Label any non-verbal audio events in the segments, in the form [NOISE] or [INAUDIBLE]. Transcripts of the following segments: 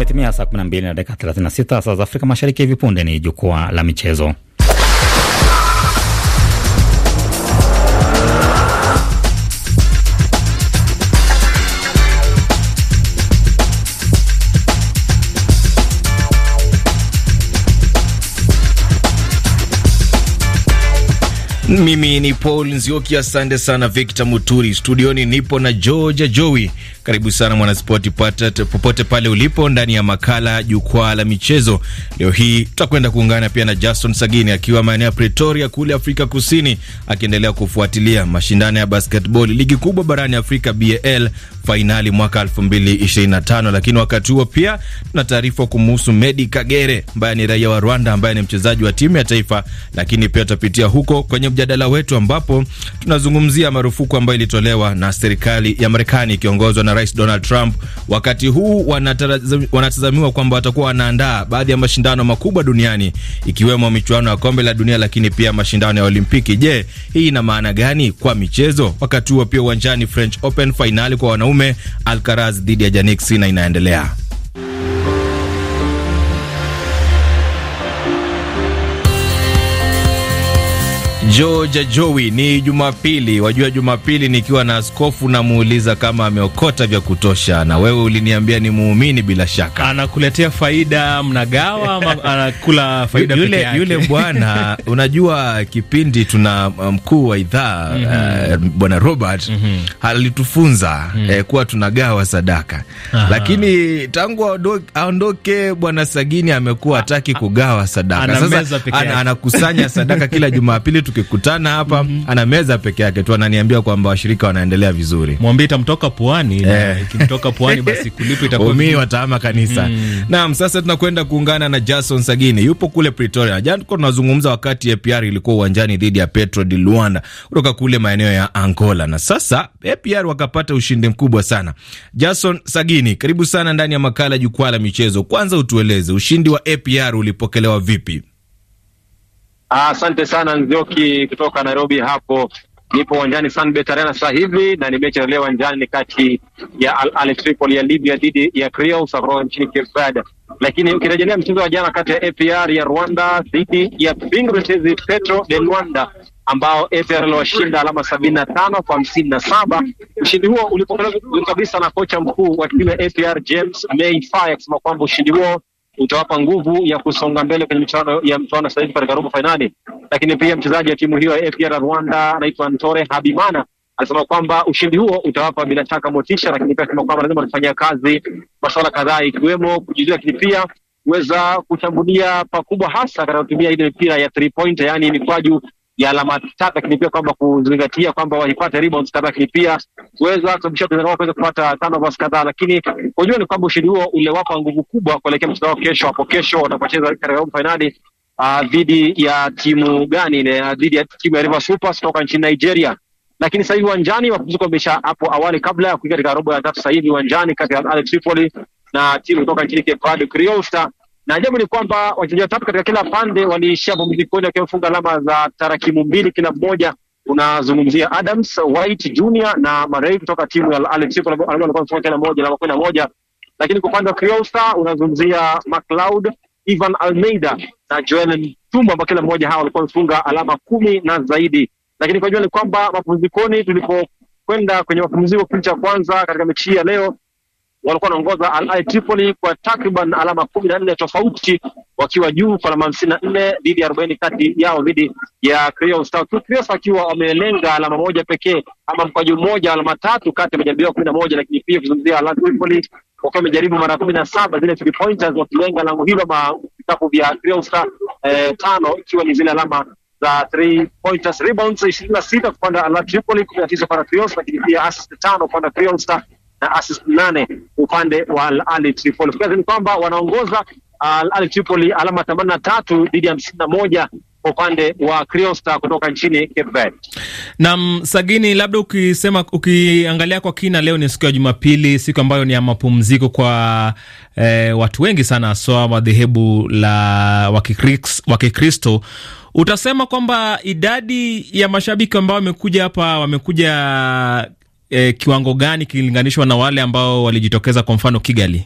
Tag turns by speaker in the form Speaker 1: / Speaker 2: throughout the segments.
Speaker 1: Imetimia saa 12 na dakika 36 saa za Afrika Mashariki. Hivi punde ni jukwaa la michezo.
Speaker 2: Mimi ni Paul Nzioki. Asante sana Victor Muturi. Studioni nipo na Georgia Jowi. Karibu sana mwanaspoti popote pale ulipo, ndani ya makala jukwaa la michezo. Leo hii tutakwenda kuungana pia na Jason Sagini akiwa maeneo ya Pretoria kule Afrika Kusini, akiendelea kufuatilia mashindano ya basketball ligi kubwa barani Afrika BAL fainali mwaka 2025. Lakini wakati huo pia tuna taarifa kumuhusu Medi Kagere ambaye ni raia wa Rwanda, ambaye ni mchezaji wa timu ya taifa, lakini pia tutapitia huko kwenye mjadala wetu ambapo tunazungumzia marufuku ambayo ilitolewa na serikali ya Marekani ikiongozwa na rais Donald Trump. Wakati huu wanatazamiwa kwamba watakuwa wanaandaa baadhi ya mashindano makubwa duniani ikiwemo michuano ya kombe la dunia, lakini pia mashindano ya Olimpiki. Je, hii ina maana gani kwa michezo? Wakati huo pia uwanjani French Open fainali kwa wanaume Alcaraz dhidi ya Jannik Sinner inaendelea. Georgia Joey, ni Jumapili. Wajua Jumapili nikiwa na askofu namuuliza kama ameokota vya kutosha, na wewe uliniambia ni muumini, bila shaka anakuletea faida, mnagawa ama anakula faida yule, yule bwana [LAUGHS] unajua, kipindi tuna uh, mkuu wa idhaa mm -hmm. uh, bwana Robert mm -hmm. alitufunza mm -hmm. eh, kuwa tunagawa sadaka Aha. lakini tangu aondoke bwana Sagini amekuwa hataki kugawa sadaka. Sasa anakusanya sadaka kila [LAUGHS] Jumapili tuki tukikutana hapa mm -hmm. ana meza peke yake tu, ananiambia kwamba washirika wanaendelea vizuri. Mwambie itamtoka puani eh. ikimtoka puani basi kulipo itakuwa mimi wataama kanisa mm. Naam, sasa tunakwenda kuungana na Jason Sagini, yupo kule Pretoria. Jana tulikuwa tunazungumza wakati APR ilikuwa uwanjani dhidi ya Petro di Luanda kutoka kule maeneo ya Angola, na sasa APR eh, wakapata ushindi mkubwa sana. Jason Sagini, karibu sana ndani ya makala jukwaa la michezo. Kwanza utueleze ushindi wa APR eh, ulipokelewa vipi?
Speaker 3: Ah, asante sana Nzioki kutoka Nairobi. Hapo nipo uwanjani Sunbet Arena sasa hivi, na ni mechi inaendelea uwanjani kati ya Al Ahly Tripoli ya Libya dhidi ya Creos Safron nchini Cape Verde. Lakini ukirejelea mchezo wa jana kati ya APR ya Rwanda dhidi ya Pingu Petro de Luanda ambao APR aliwashinda alama sabini na tano kwa hamsini na saba. Ushindi huo ulipokelewa kabisa na kocha mkuu wa timu ya APR James May Faye akisema kwamba ushindi huo utawapa nguvu ya kusonga mbele kwenye michuano ya mchuano sasa hivi katika robo fainali. Lakini pia mchezaji wa timu hiyo ya APR Rwanda anaitwa Ntore Habimana alisema kwamba ushindi huo utawapa bila shaka motisha, lakini pia asema kwamba lazima watafanyia kazi masuala kadhaa ikiwemo kujizuia, lakini pia kuweza kushambulia pakubwa hasa katika kutumia ile mipira ya three point, yaani mikwaju ya alama tatu, lakini pia kwamba kuzingatia kwamba walipata rebounds kadhaa, lakini pia uwezo wa wake kuweza kupata turnovers kadhaa, lakini kwa unajua ni kwamba ushindi huo uliwapa nguvu kubwa kuelekea mchezo wao kesho. Hapo kesho watapocheza katika robo finali ah, dhidi ya timu gani? Ah, dhidi ya timu ya River Hoopers kutoka nchini Nigeria lakini sasa hivi uwanjani mapumziko wamesha hapo awali, kabla ya kuingia katika robo ya tatu. Sasa hivi uwanjani kati ya Alex Tripoli na timu kutoka nchini Cape Verde Creole Star na ajabu ni kwamba wachezaji watatu katika kila pande waliishia mapumzikoni wakiwa wamefunga alama za tarakimu mbili kila mmoja. Unazungumzia Adams White Junior na Marei kutoka timu ya amefunga kila mmoja alama kumi na moja, lakini kwa upande wa Criosa unazungumzia McLeod, Ivan Almeida na Joel Ntumba ambao kila mmoja hawa walikuwa wamefunga alama kumi na zaidi. Lakini kwa jua ni kwamba mapumzikoni, tulipokwenda kwenye mapumziko kipindi cha kwanza katika mechi hii ya leo walikuwa wanaongoza Al Ahly Tripoli kwa takriban alama kumi na nne tofauti wakiwa juu kwa alama hamsini na nne dhidi ya arobaini kati yao dhidi ya Creon Stars, wakiwa wamelenga alama moja pekee ama mkwaju mmoja, alama tatu kati ya majaribu yao kumi na moja. Lakini pia ukizungumzia Al Ahly Tripoli wakiwa wamejaribu mara kumi na saba zile three pointers wakilenga lango hilo, ma vikapu vya Creon Stars eh, tano ikiwa ni zile alama za three pointers, rebounds ishirini na sita upande wa Al Ahly Tripoli, kumi na tisa upande wa Creon Stars, lakini pia assist tano upande wa Creon Stars na assist nane upande wa Al Ahli Tripoli. Ukiaza ni kwamba wanaongoza Al Ahli Tripoli alama themanini na tatu dhidi ya hamsini na moja upande wa Creon Star kutoka nchini Cape Verde. Naam, Sagini, labda
Speaker 1: ukisema ukiangalia kwa kina, leo ni siku ya Jumapili, siku ambayo ni ya mapumziko kwa eh, watu wengi sana haswa madhehebu la Wakikristo. Utasema kwamba idadi ya mashabiki ambao wamekuja hapa wamekuja eh, kiwango gani kilinganishwa na wale ambao walijitokeza kwa mfano Kigali?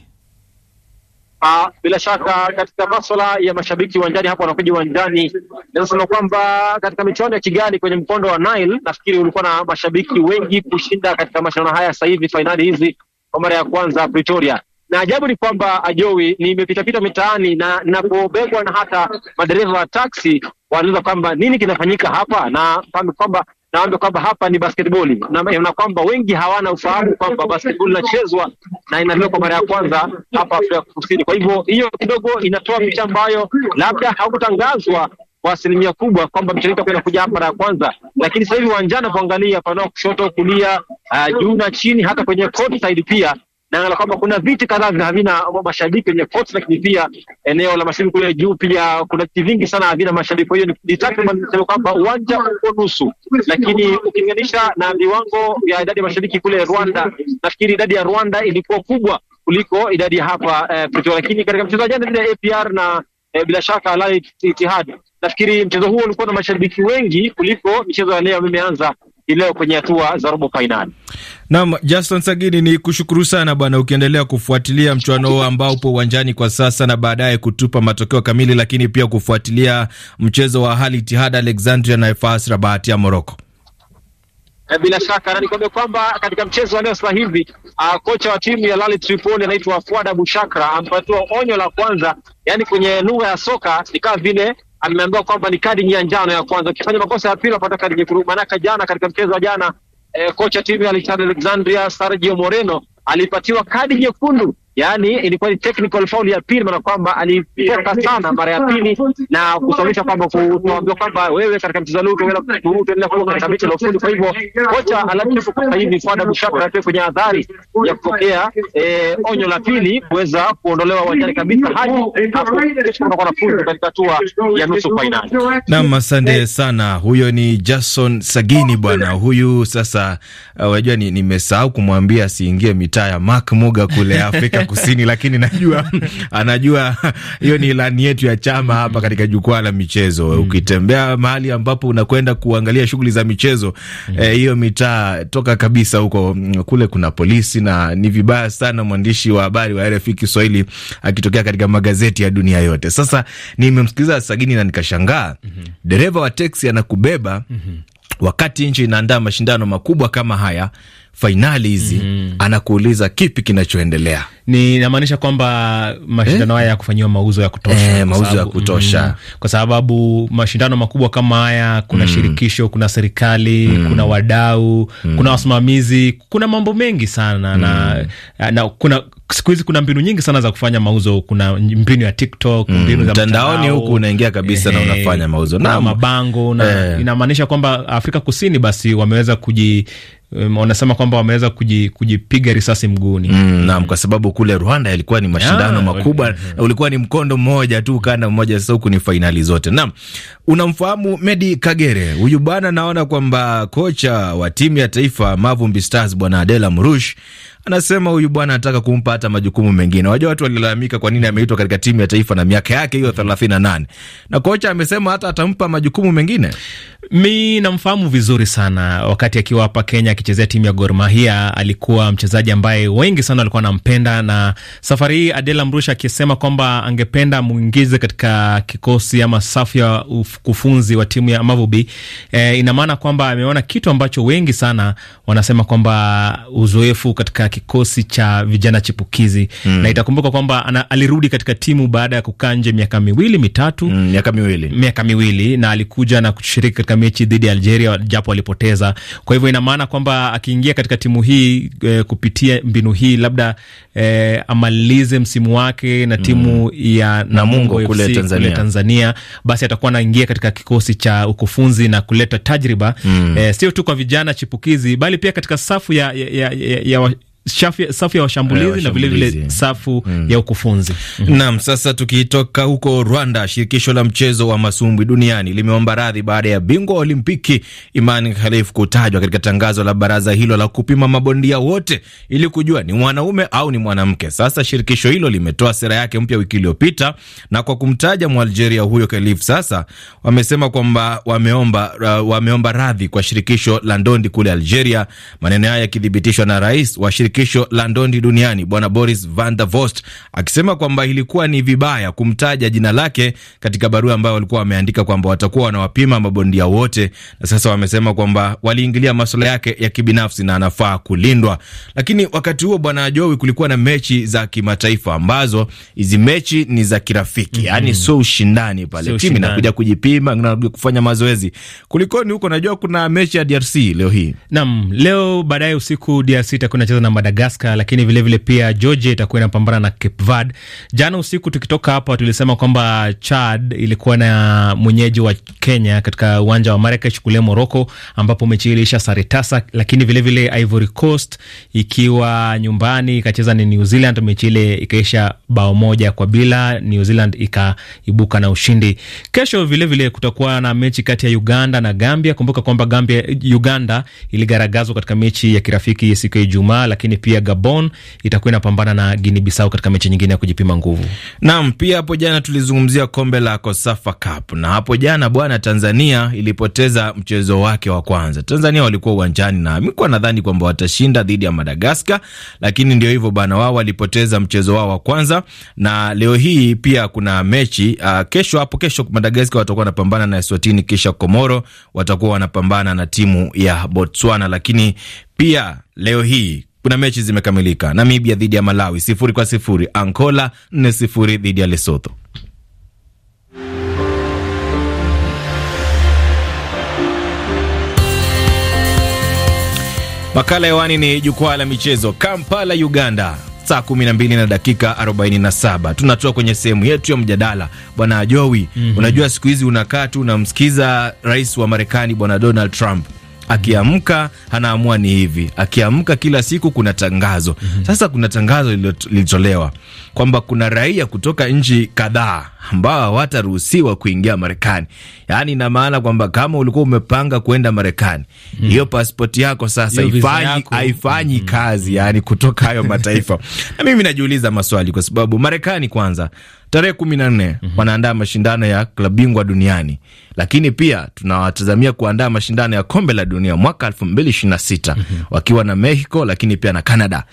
Speaker 3: Ah, bila shaka katika masuala ya mashabiki uwanjani hapo wanakuja uwanjani, naweza sema kwamba katika michuano ya Kigali kwenye mkondo wa Nile nafikiri ulikuwa na mashabiki wengi kushinda katika mashindano haya sasa hivi fainali hizi kwa mara ya kwanza Pretoria na ajabu ni kwamba ajowi nimepitapita mitaani na napobegwa na hata madereva wa taksi wanauliza kwamba nini kinafanyika hapa, na kwamba naambia kwamba hapa ni basketball na, na kwamba wengi hawana ufahamu kwamba basketball inachezwa na inaliwa kwa mara ya kwanza hapa Afrika Kusini. Kwa hivyo hiyo kidogo inatoa picha ambayo labda hakutangazwa kwa asilimia kubwa kwamba mchezo wetu unakuja hapa mara ya kwanza, lakini sasa hivi uwanjani kuangalia panao kushoto, kulia, uh, juu na chini, hata kwenye court side pia na kwamba kuna viti kadhaa vina havina mashabiki wenye courts, lakini pia eneo la mashabiki kule juu pia kuna viti vingi sana havina mashabiki. Kwa hiyo ni takriban sema kwamba uwanja uko nusu, lakini ukilinganisha na viwango vya idadi ya mashabiki kule Rwanda, nafikiri idadi ya Rwanda ilikuwa kubwa kuliko idadi hapa eh, Lakini katika mchezo wa jana dhidi ya APR na eh, bila shaka Al Ittihad, nafikiri mchezo huo ulikuwa na mashabiki wengi kuliko michezo ya leo imeanza hii leo kwenye hatua za robo fainali.
Speaker 2: Naam, Justin Sagini, ni kushukuru sana bwana, ukiendelea kufuatilia mchuano huo ambao upo uwanjani kwa sasa na baadaye kutupa matokeo kamili, lakini pia kufuatilia mchezo wa hali Itihad Alexandria na FAS Rabat ya Morocco.
Speaker 3: Eh, bila shaka na nikwambia kwamba katika mchezo wa leo sasa hivi uh, kocha wa timu ya Lali Tripoli anaitwa Fuad Abushakra amepatiwa onyo la kwanza, yani kwenye lugha ya soka ni kama vile ameambiwa kwamba ni kadi ya njano ya kwanza, ukifanya makosa ya pili unapata kadi nyekundu. Maanake jana katika mchezo wa jana eh, kocha timu ya Alexandria Sergio Moreno alipatiwa kadi nyekundu yaani ilikuwa ni technical foul ya pili, maana kwamba alitoka sana mara ya pili na kusababisha kwamba kuambiwa kwamba wewe katika mchezo huu utaendelea kuwa katika mechi la ufundi. Kwa hivyo kocha alakifu kwa hivi Fada Abushakr pia kwenye adhari ya kupokea eh, onyo la pili kuweza kuondolewa uwanjani kabisa hadi hapo kesho kunakuwa nafuzu katika hatua ya nusu fainali.
Speaker 2: Naam, asante sana. Huyo ni Jason Sagini bwana. Huyu sasa uh, unajua uh, nimesahau kumwambia asiingie mitaa ya Mark Muga kule Afrika Kusini, lakini najua anajua hiyo ni ilani yetu ya chama hapa katika jukwaa la michezo mm. Ukitembea mahali ambapo unakwenda kuangalia shughuli za michezo mm. eh, hiyo E, mitaa toka kabisa huko mm, kule, kuna polisi na ni vibaya sana. Mwandishi wa habari wa RFI Kiswahili akitokea katika magazeti ya dunia yote. Sasa nimemsikiliza Sagini na nikashangaa, mhm. dereva wa teksi anakubeba mhm. wakati nchi inaandaa mashindano makubwa kama haya fainali hizi mm. -hmm. anakuuliza kipi kinachoendelea, ni namaanisha
Speaker 1: kwamba mashindano eh? haya eh, ya kufanyiwa mauzo ya kutosha eh, mauzo ya kutosha mm, kwa sababu mashindano makubwa kama haya kuna mm. shirikisho, kuna serikali mm. kuna wadau mm. kuna wasimamizi, kuna mambo mengi sana mm. na, na kuna siku hizi kuna mbinu nyingi sana za kufanya mauzo. Kuna mbinu ya TikTok, mm. mbinu za mtandaoni huku unaingia kabisa eh, na unafanya mauzo na mabango na eh, inamaanisha kwamba Afrika Kusini basi wameweza kuji
Speaker 2: Um, wanasema kwamba wameweza kujipiga risasi mguuni mm, naam, kwa sababu kule Rwanda yalikuwa ni mashindano yeah, makubwa yeah, yeah. Ulikuwa ni mkondo mmoja tu, ukanda mmoja, sasa huku ni fainali zote. Naam, unamfahamu Medi Kagere huyu bwana, naona kwamba kocha wa timu ya taifa Mavumbi Stars bwana Adela Mrush anasema huyu bwana anataka kumpa hata majukumu mengine. Wajua watu walilalamika kwa nini ameitwa katika timu ya taifa na miaka yake hiyo 38, na kocha amesema hata atampa majukumu mengine. Mi namfahamu vizuri sana, wakati akiwa hapa Kenya
Speaker 1: akichezea timu ya Gor Mahia alikuwa mchezaji ambaye wengi sana walikuwa wanampenda, na safari hii Adela Mrusha akisema kwamba angependa mwingize katika kikosi ama safu ya kufunzi wa timu ya Mavubi, e, ina maana kwamba ameona kitu ambacho wengi sana wanasema kwamba uzoefu katika kikosi cha vijana chipukizi mm. na itakumbuka kwamba alirudi katika timu baada ya kukaa nje miaka miwili mitatu, mm, miaka miwili miaka miwili, na alikuja na kushiriki katika mechi dhidi ya Algeria japo alipoteza. Kwa hivyo ina maana kwamba akiingia katika timu hii e, kupitia mbinu hii labda e, amalize msimu wake na hmm. timu mm. ya Namungo na kule, kule Tanzania, basi atakuwa anaingia katika kikosi cha ukufunzi na kuleta tajriba mm. e, sio tu kwa vijana chipukizi bali pia katika safu ya, ya, ya, ya,
Speaker 2: ya safu ya washambulizi eh, na vilevile vile safu mm. ya ukufunzi mm. Naam, sasa tukitoka huko Rwanda, shirikisho la mchezo wa masumbwi duniani limeomba radhi baada ya bingwa wa Olimpiki Imani Khalif kutajwa katika tangazo la baraza hilo la kupima mabondia wote ili kujua ni mwanaume au ni mwanamke. Sasa shirikisho hilo limetoa sera yake mpya wiki iliyopita, na kwa kumtaja Mwalgeria huyo Khalif, sasa wamesema kwamba wameomba, uh, wameomba radhi kwa shirikisho la ndondi kule Algeria, maneno hayo yakithibitishwa na rais wa shirikisho shirikisho la ndondi duniani Bwana Boris van der Vost akisema kwamba ilikuwa ni vibaya kumtaja jina lake katika barua ambayo walikuwa wameandika kwamba watakuwa wanawapima mabondia wote, na sasa wamesema kwamba waliingilia masuala yake ya kibinafsi na anafaa kulindwa. Lakini wakati huo, Bwana Jowi, kulikuwa na mechi za kimataifa ambazo hizi mechi ni za kirafiki mm -hmm. Yani sio ushindani pale, so timu inakuja kujipima na kufanya mazoezi. Kulikoni huko? Najua kuna mechi ya DRC leo hii. Naam,
Speaker 1: leo baadaye usiku DRC itakuwa inacheza na Madagascar, lakini vilevile vile pia Georgia itakuwa inapambana na Cape Verde. Jana usiku tukitoka hapa tulisema kwamba Chad ilikuwa na mwenyeji wa Kenya katika uwanja wa Marrakesh kule Morocco, ambapo mechi iliisha sare tasa, lakini vilevile vile Ivory Coast ikiwa nyumbani ikacheza ni New Zealand, mechi ile ikaisha bao moja kwa bila, New Zealand ikaibuka na ushindi. Kesho vilevile vile kutakuwa na mechi kati ya Uganda na Gambia. Kumbuka kwamba Gambia, Uganda iligaragazwa katika mechi ya kirafiki siku ya Ijumaa, lakini lakini pia Gabon itakuwa inapambana na Guini Bisau katika mechi nyingine ya kujipima nguvu.
Speaker 2: Naam, pia hapo jana tulizungumzia kombe la Kosafa Cup na hapo jana bwana, Tanzania ilipoteza mchezo wake wa kwanza. Tanzania walikuwa uwanjani na mikuwa nadhani kwamba watashinda dhidi ya Madagaskar, lakini ndio hivyo bana, wao walipoteza mchezo wao wa kwanza na leo hii pia kuna mechi uh, kesho hapo kesho Madagaskar watakuwa wanapambana na Eswatini, kisha Komoro watakuwa wanapambana na timu ya Botswana, lakini pia leo hii kuna mechi zimekamilika: Namibia dhidi ya Malawi sifuri kwa sifuri, Angola nne sifuri dhidi ya Lesotho. Makala hewani ni jukwaa la michezo. Kampala, Uganda, saa 12 na dakika 47, tunatoa kwenye sehemu yetu ya mjadala. Bwana Ajowi, mm -hmm. Unajua siku hizi unakaa tu unamsikiza rais wa Marekani Bwana Donald Trump akiamka anaamua ni hivi, akiamka kila siku kuna tangazo mm -hmm. Sasa kuna tangazo lilitolewa kwamba kuna raia kutoka nchi kadhaa ambao hawataruhusiwa kuingia Marekani, yaani ina maana kwamba kama ulikuwa umepanga kuenda Marekani mm -hmm. hiyo pasipoti yako sasa haifanyi haifanyi mm -hmm. kazi, yaani kutoka hayo mataifa [LAUGHS] na mimi najiuliza maswali kwa sababu Marekani kwanza tarehe kumi na nne mm -hmm. wanaandaa mashindano ya klabu bingwa duniani, lakini pia tunawatazamia kuandaa mashindano ya kombe la dunia mwaka elfu mbili ishirini na sita mm -hmm. wakiwa na Mexico, lakini pia na Canada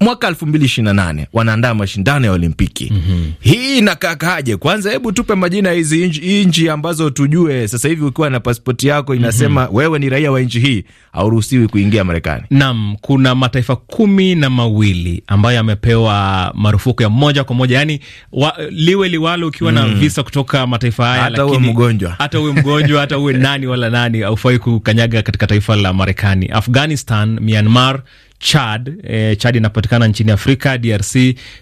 Speaker 2: mwaka elfu mbili ishirini na nane wanaandaa mashindano ya Olimpiki. mm -hmm. Hii inakakaje? Kwanza hebu tupe majina ya hizi nchi ambazo tujue. Sasa hivi ukiwa na paspoti yako inasema mm -hmm. wewe ni raia wa nchi hii, hauruhusiwi kuingia Marekani.
Speaker 1: Naam, kuna mataifa kumi na mawili ambayo yamepewa marufuku ya moja kwa moja, yani wa, liwe liwalo, ukiwa mm -hmm. na visa kutoka mataifa haya, hata uwe mgonjwa, hata uwe mgonjwa, hata uwe [LAUGHS] nani wala nani, haufai kukanyaga katika taifa la Marekani. Afghanistan, Myanmar, Chad. E, Chad inapatikana nchini Afrika. DRC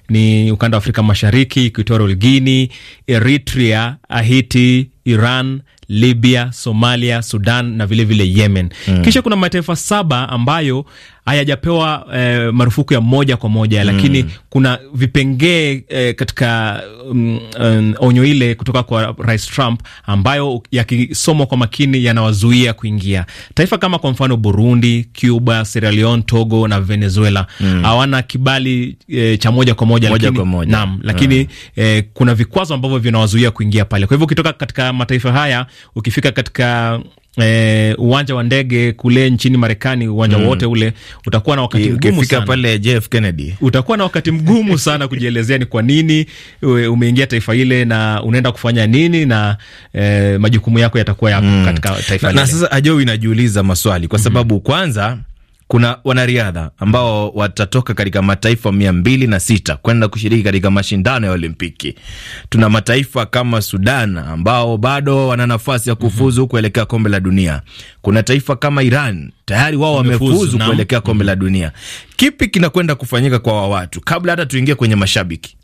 Speaker 1: ni ukanda wa Afrika Mashariki, Equatorial Guinea, Eritrea, Haiti, Iran, Libya, Somalia, Sudan na vilevile vile Yemen. Mm. Kisha kuna mataifa saba ambayo hayajapewa eh, marufuku ya moja kwa moja, hmm. lakini kuna vipengee eh, katika mm, um, onyo ile kutoka kwa Rais Trump ambayo yakisomwa kwa makini yanawazuia kuingia taifa kama kwa mfano Burundi, Cuba, Sierra Leone, Togo na Venezuela hmm. hawana mm. kibali eh, cha moja kwa moja, moja, lakini, kwa moja. Naam, lakini mm. eh, kuna vikwazo ambavyo vinawazuia kuingia pale. Kwa hivyo ukitoka katika mataifa haya ukifika katika eh, uwanja wa ndege kule nchini Marekani, uwanja mm. wote ule utakuwa na wakati mgumu sana pale JF Kennedy, utakuwa na wakati mgumu [LAUGHS] sana kujielezea ni kwa nini umeingia taifa ile na unaenda kufanya nini na eh, majukumu yako yatakuwa yako mm. katika taifa na, na sasa
Speaker 2: ajo inajiuliza maswali kwa mhm. sababu mm -hmm. kwanza kuna wanariadha ambao watatoka katika mataifa mia mbili na sita kwenda kushiriki katika mashindano ya Olimpiki. Tuna mataifa kama Sudan ambao bado wana nafasi ya kufuzu mhm. kuelekea kombe la dunia. Kuna taifa kama Iran tayari wao wamefuzu kuelekea kombe la mhm. dunia kipi kinakwenda kufanyika kwa wa watu kabla hata tuingie kwenye mashabiki?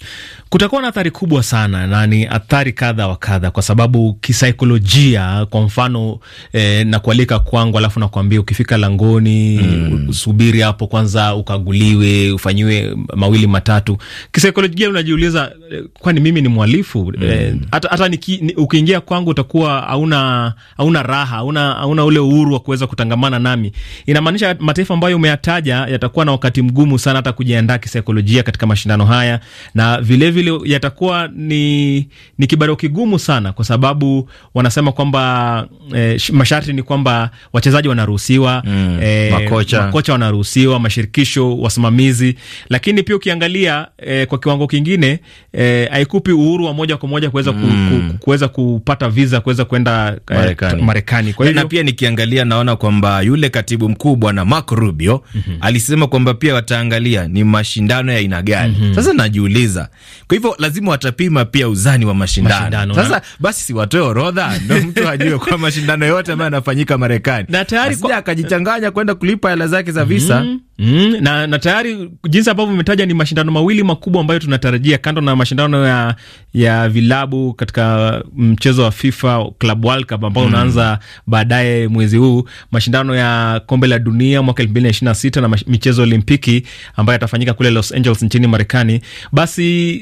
Speaker 1: Kutakuwa na athari kubwa sana, na ni athari kadha wa kadha, kwa sababu kisaikolojia, kwa mfano eh, na kualika kwangu, alafu nakuambia ukifika langoni mm. subiri hapo kwanza ukaguliwe ufanyiwe mawili matatu. Kisaikolojia unajiuliza eh, kwani mimi ni mwalifu? Eh, mm. hata mm. eh, ni, ukiingia kwangu utakuwa hauna hauna raha, hauna hauna ule uhuru wa kuweza kutangamana nami. Inamaanisha mataifa ambayo umeyataja yatakuwa na wakati wakati mgumu sana hata kujiandaa kisaikolojia katika mashindano haya, na vilevile vile yatakuwa ni, ni kibarua kigumu sana, kwa sababu wanasema kwamba eh, masharti ni kwamba wachezaji wanaruhusiwa mm, eh, makocha, makocha wanaruhusiwa, mashirikisho, wasimamizi, lakini pia ukiangalia eh, kwa kiwango kingine eh, haikupi uhuru wa moja kwa moja kuweza mm, ku, kuweza kupata visa kuweza kwenda
Speaker 2: eh, Marekani. Kwa hivyo na pia nikiangalia naona kwamba yule katibu mkuu bwana Marco Rubio mm -hmm. alisema kwamba kwamba pia wataangalia ni mashindano ya aina gani. mm -hmm. Sasa najiuliza, kwa hivyo lazima watapima pia uzani wa mashindano, mashindano sasa na... basi siwatoe orodha ndo mtu ajue kwa [LAUGHS] mashindano yote ambayo yanafanyika Marekani na tayari kwa... akajichanganya kwenda kulipa hela zake
Speaker 1: za visa mm -hmm. Mm, na, na tayari jinsi ambavyo umetaja ni mashindano mawili makubwa ambayo tunatarajia kando na mashindano ya, ya vilabu katika mchezo wa FIFA Club World Cup ambao mm, unaanza baadaye mwezi huu, mashindano ya kombe la dunia mwaka 2026 na michezo Olimpiki ambayo yatafanyika kule Los Angeles nchini Marekani. Basi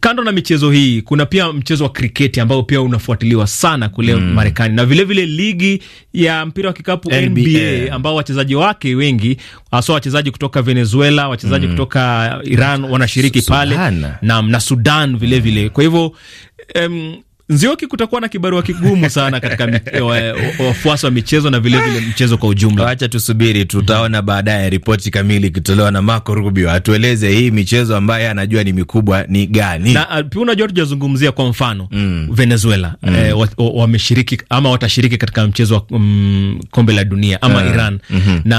Speaker 1: kando na michezo hii kuna pia mchezo wa kriketi ambao pia unafuatiliwa sana kule mm. Marekani na vilevile vile ligi ya mpira wa kikapu NBA, NBA ambao wachezaji wake wengi hasa wachezaji kutoka Venezuela, wachezaji mm. kutoka Iran wanashiriki pale na, na Sudan vilevile vile. Mm. Kwa hivyo um, Nzioki, kutakuwa na kibarua kigumu sana
Speaker 2: katika eh, wafuasi wa michezo na vilevile mchezo kwa ujumla. Acha tusubiri, tutaona baadaye ripoti kamili ikitolewa na Marco Rubio atueleze hii michezo ambayo anajua ni mikubwa ni gani, na ah, pia unajua tujazungumzia kwa mfano mm. Venezuela
Speaker 3: mm. E, eh,
Speaker 1: wameshiriki wa, wa ama watashiriki katika mchezo wa mm, kombe la dunia ama yeah. Mm. Iran mm -hmm. na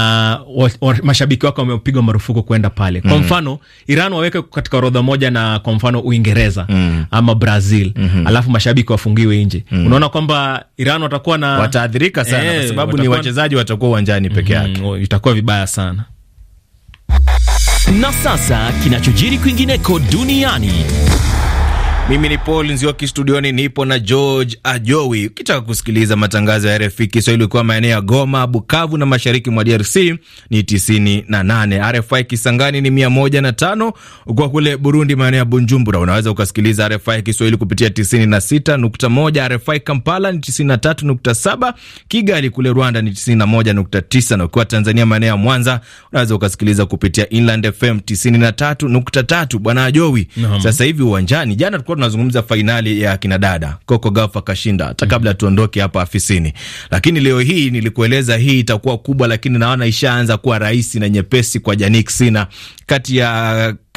Speaker 1: wa, wa, mashabiki wake wamepigwa marufuku kwenda pale kwa mm. mfano Iran waweke katika orodha moja na kwa mfano Uingereza mm. ama Brazil mm -hmm. alafu mashabiki mashabiki wafungiwe nje mm. Unaona kwamba Iran watakuwa na wataadhirika sana ee, kwa eh, sababu watakuwa... ni wachezaji
Speaker 2: watakuwa uwanjani peke yake mm, oh, itakuwa vibaya sana. Na sasa kinachojiri kwingineko duniani mimi ni Paul Nzioki, studioni nipo na George Ajowi. Ukitaka kusikiliza matangazo ya RFI Kiswahili ukiwa maeneo ya Goma, Bukavu na mashariki mwa DRC ni 98, RFI Kisangani ni 105, ukiwa kule Burundi maeneo ya Bunjumbura, unaweza ukasikiliza RFI Kiswahili kupitia 96.1, RFI Kampala ni 93.7, Kigali kule Rwanda ni 91.9, na ukiwa Tanzania maeneo ya Mwanza unaweza ukasikiliza kupitia Inland FM 93.3. Bwana Ajowi, sasa hivi uwanjani, jana tulikuwa tunazungumza fainali ya kinadada Coco Gauff akashinda, hata kabla tuondoke hapa afisini. Lakini leo hii nilikueleza hii itakuwa kubwa, lakini naona ishaanza kuwa rahisi na nyepesi kwa Jannik Sinner kati ya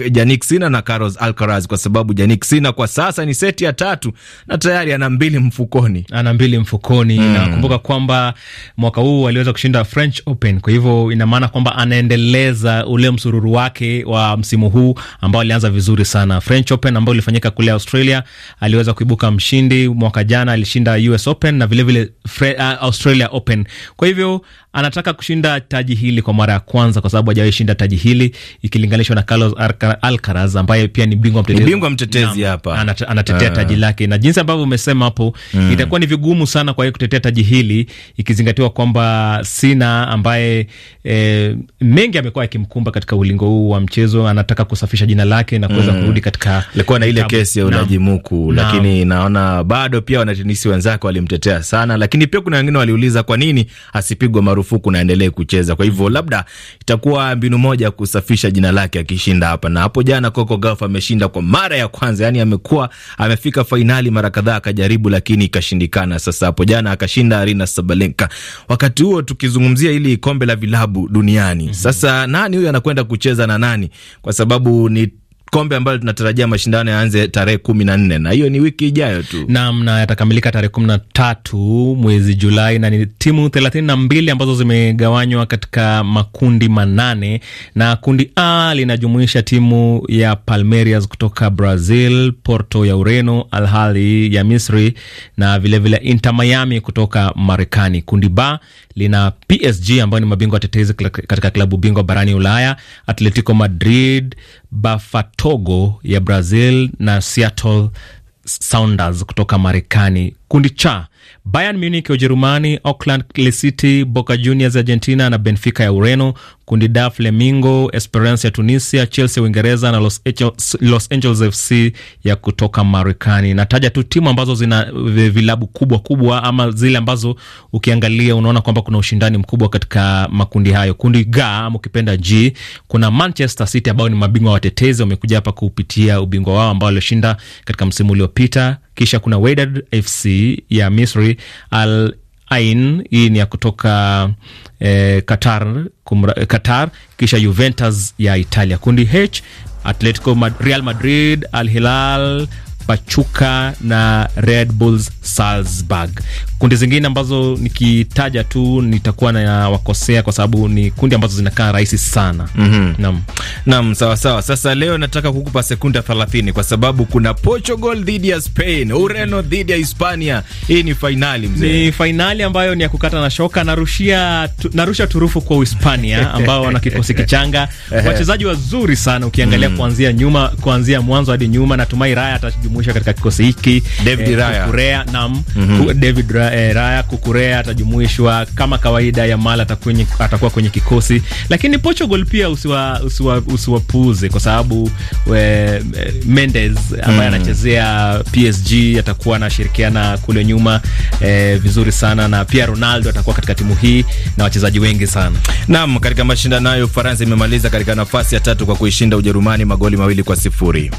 Speaker 2: Janik Sina na Carlos Alcaraz, kwa sababu Janik Sina kwa sasa ni seti ya tatu na tayari ana mbili mfukoni, ana mbili
Speaker 1: mfukoni mm. Nakumbuka kwamba mwaka huu aliweza kushinda French Open, kwa hivyo ina maana kwamba anaendeleza ule msururu wake wa msimu huu ambao alianza vizuri sana. French Open ambao ilifanyika kule Australia, aliweza kuibuka mshindi. Mwaka jana alishinda US Open na vilevile vile uh, Australia Open, kwa hivyo anataka kushinda taji hili kwa mara ya kwanza, kwa sababu hajawahi shinda taji hili ikilinganishwa na Carlos Alcaraz ambaye pia ni bingwa mtetezi, bingwa mtetezi hapa anatetea uh, taji lake, na jinsi ambavyo umesema hapo mm, itakuwa ni vigumu sana kwa yeye kutetea taji hili ikizingatiwa kwamba Sina ambaye e, mengi amekuwa akimkumba katika ulingo huu wa mchezo, anataka kusafisha jina lake na kuweza mm, kurudi katika alikuwa na ile kesi ya ulaji
Speaker 2: ulajimuku, lakini naona bado pia wanatenisi wenzake walimtetea sana, lakini pia kuna wengine waliuliza kwa nini asipigwe marufuku marufuku na aendelee kucheza. Kwa hivyo labda itakuwa mbinu moja kusafisha jina lake akishinda hapa. Na hapo jana Coco Gauff ameshinda kwa mara ya kwanza, yani amekuwa amefika fainali mara kadhaa akajaribu, lakini ikashindikana. Sasa hapo jana akashinda Arina Sabalenka. Wakati huo tukizungumzia ili kombe la vilabu duniani, mhm. sasa nani huyo anakwenda kucheza na nani? Kwa sababu ni kombe ambalo tunatarajia mashindano yaanze tarehe kumi na nne na hiyo ni wiki ijayo tu nam, na yatakamilika tarehe kumi na tatu
Speaker 1: mwezi Julai, na ni timu thelathini na mbili ambazo zimegawanywa katika makundi manane, na kundi A linajumuisha timu ya Palmeiras kutoka Brazil, Porto ya Ureno, Al Ahly ya Misri na vilevile vile Inter Miami kutoka Marekani. Kundi B lina PSG ambayo ni mabingwa watetezi katika klabu bingwa barani Ulaya, Atletico Madrid Bafatogo ya Brazil na Seattle Sounders kutoka Marekani. Kundi cha Bayern Munich ya Ujerumani, Auckland City, Boca Juniors Argentina na Benfica ya Ureno. Kundi da flamingo Esperance ya Tunisia, Chelsea ya Uingereza na Los, Los Angeles FC ya kutoka Marekani. Nataja tu timu ambazo zina vilabu kubwa kubwa ama zile ambazo ukiangalia unaona kwamba kuna ushindani mkubwa katika makundi hayo. Kundi G ama ukipenda G, kuna Manchester City ambao ni mabingwa watetezi, wamekuja hapa kupitia ubingwa wao ambao walioshinda katika msimu uliopita. Kisha kuna Wydad FC ya Misri, Al Ain hii ni ya kutoka eh, Qatar, kumra, eh, Qatar, kisha Juventus ya Italia. Kundi H Atletico Mad Real Madrid, Al Hilal, Pachuka na Red Bulls Salzburg. Kundi zingine ambazo nikitaja tu nitakuwa na wakosea kwa sababu ni kundi ambazo zinakaa rahisi sana. mm
Speaker 2: -hmm. Naam, naam, sawa sawa. Sasa leo nataka kukupa sekunda 30 kwa sababu kuna Portugal dhidi ya Spain, Ureno dhidi ya Hispania. Hii ni fainali mzee,
Speaker 1: ni fainali ambayo ni ya kukata na shoka. Narushia tu, narusha turufu kwa Uhispania [LAUGHS] ambao wana kikosi kichanga, wachezaji wazuri sana ukiangalia, mm. kuanzia nyuma, kuanzia mwanzo hadi nyuma. Natumai Raya atajumu anajumuisha katika kikosi hiki David eh, Raya Kukurea, nam mm -hmm. David eh, Raya Kukurea atajumuishwa kama kawaida ya Mala atakuwa, atakuwa kwenye kikosi, lakini Portugal pia usiwa usiwa usiwapuuze kwa sababu we, Mendes ambaye mm. anachezea PSG atakuwa anashirikiana kule nyuma eh, vizuri
Speaker 2: sana na pia Ronaldo atakuwa katika timu hii na wachezaji wengi sana. nam katika mashindano hayo Ufaransa imemaliza katika nafasi ya tatu kwa kuishinda Ujerumani magoli mawili kwa sifuri.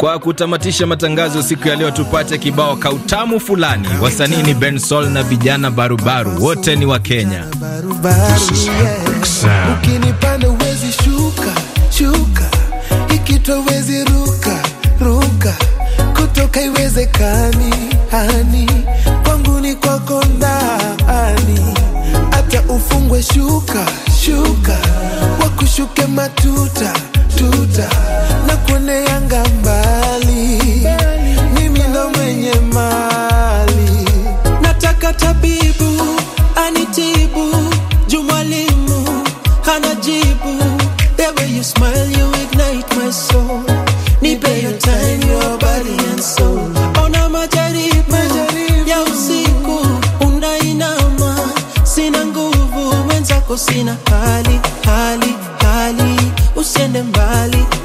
Speaker 2: Kwa kutamatisha matangazo siku ya leo, tupate kibao kautamu fulani. Wasanii ni Bensol na vijana barubaru, wote ni wa Kenya. Ukinipanda uwezi shuka shuka, ikitwa uwezi ruka ruka, kutoka iwezekani ani, kwangu ni kwako ndani, hata ufungwe shuka shuka, wakushuke matuta tuta na kuoneanga mbali, mimi ndo mwenye mali, nataka tabibu anitibu, juu mwalimu hana jibu. The way you smile, you ignite my soul, nipe your time, your body and
Speaker 1: soul. Ona majaribu ya usiku, unainama, sina nguvu, mwenzako sina hali hali usiende Bali.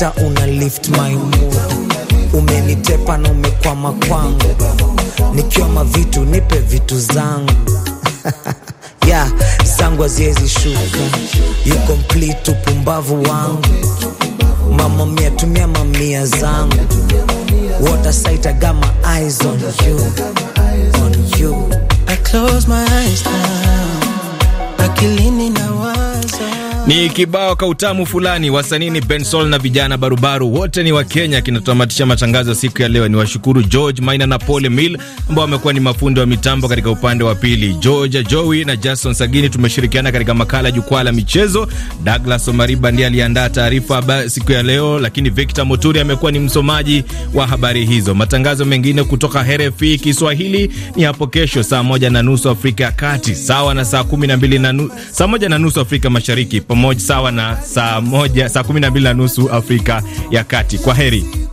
Speaker 2: ukipita una lift my mood, umenitepa na umekwama kwangu, nikiwama vitu nipe vitu zangu [LAUGHS] yeah, zangu aziwezi shuka, you complete upumbavu wangu, mama mia tumia mamia zangu, water sight I eyes on you Ni kibao ka utamu fulani, wasanini Bensol na vijana barubaru wote ni wa Kenya. Kinatamatisha matangazo siku ya leo. Ni washukuru George Maina na Paul Mill ambao wamekuwa ni mafundi wa mitambo katika upande wa pili, George Joey na Jason Sagini. Tumeshirikiana katika makala jukwaa la michezo. Douglas Omariba ndiye aliandaa taarifa siku ya leo, lakini Victor Moturi amekuwa ni msomaji wa habari hizo. Matangazo mengine kutoka RFI Kiswahili ni hapo kesho saa moja na nusu Afrika ya Kati, sawa na saa kumi na mbili na saa moja na nusu Afrika Mashariki moja sawa na saa moja saa kumi na mbili na nusu Afrika ya Kati. Kwa heri.